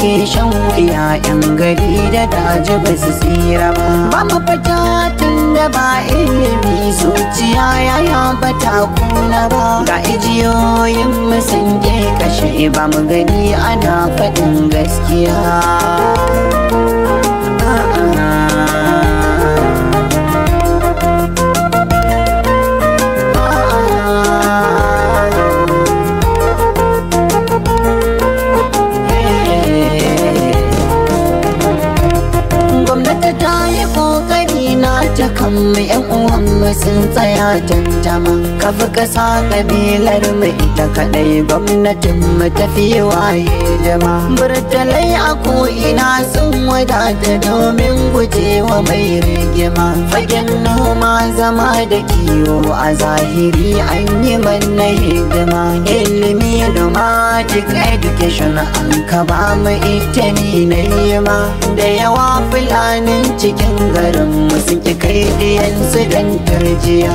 ke shan wuya yan gari da daji ba su tsira ba ba fita tun da ba ilimi zuciya ya ba ta kuna ba ga ijiyoyin mu sun ke kashe ba mu gani ana faɗin gaskiya sun tsaya tantama Ka fi ƙasa ƙabilar mu ita kaɗai gwamnatin mu tafi waye jama burtalai a ko'ina sun wadata domin gujewa mai rigima fagen noma zama da kiwo a zahiri an yi manna hidima ilimi nomadic education an ka ba mu ita ni na ma da yawa fulanin cikin garin mu suke kai diyansu don turjiya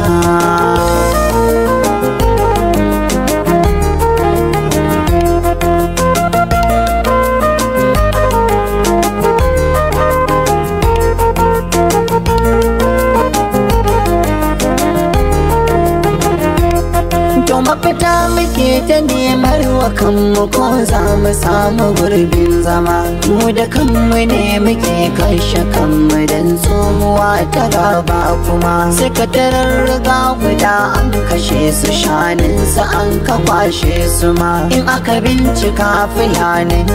mafita muke ta nemar wa kanmu ko za mu samu gurbin zama mu da kanmu ne muke kashe kanmu don tsohuwa ta gaba kuma sakataren riga guda an kashe su su an ka kwashe su ma in aka bincika fulanin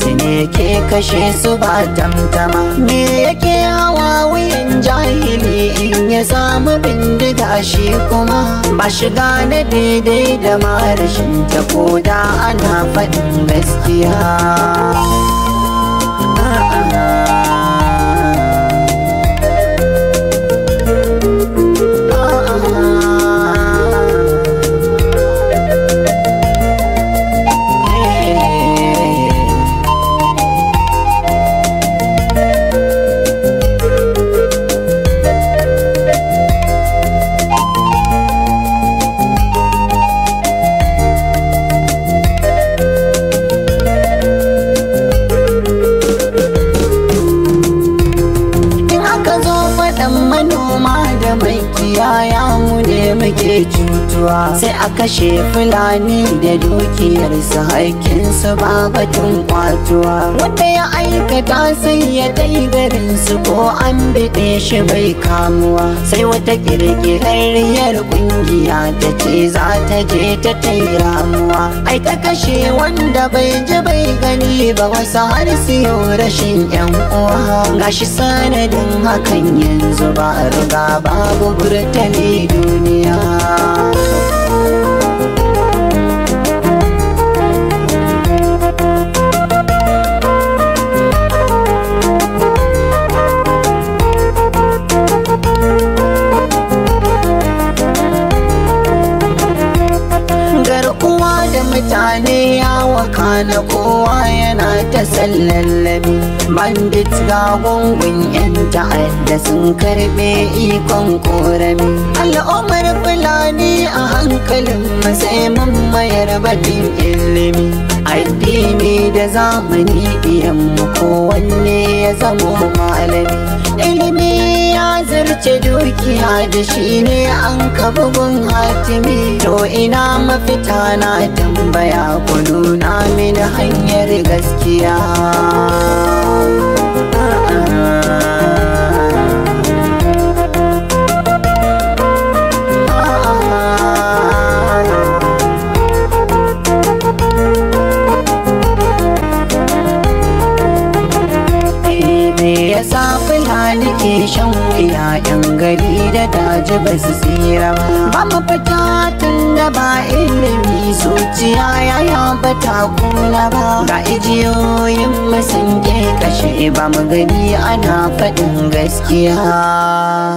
su ne ke kashe su ba tamtama me yake hawa wuyan jahili in ya samu bin a kuma ba shiga na daidai da marashin ta koda ana faɗin gaskiya ya ya muke cutuwa sai a kashe fulani da dukiyar haikin su ba batun kwatuwa wanda ya aikata sai ya dai garinsu ko an bide shi bai kamuwa sai wata ƙirƙirarriyar ƙungiya ta ce za ta je ta tai ramuwa ai ta kashe wanda bai ji bai gani ba wasu har siyo rashin yan uwa gashi sanadin hakan yanzu ba riga babu burtani duniya duniya na kowa yana ta sallallabi bandit ga gungun yan ta'adda sun karbe ikon korami al'umar fulani a hankalin masaiman mayar bakin ilimi addini da zamani iyanmu kowanne ya zama malami ilimi ce dukiya da shi ne an kafa gun hatimi to ina mafita na tambaya ku nuna mini hanyar gaskiya me ya sa fulani ke shan wuya yan gari da daji ba su tsira ba ba mu fita tun da ba ilimi zuciya ya ya ba ta ba ga ijiyoyin mu sun ke kashe ba mu gani ana faɗin gaskiya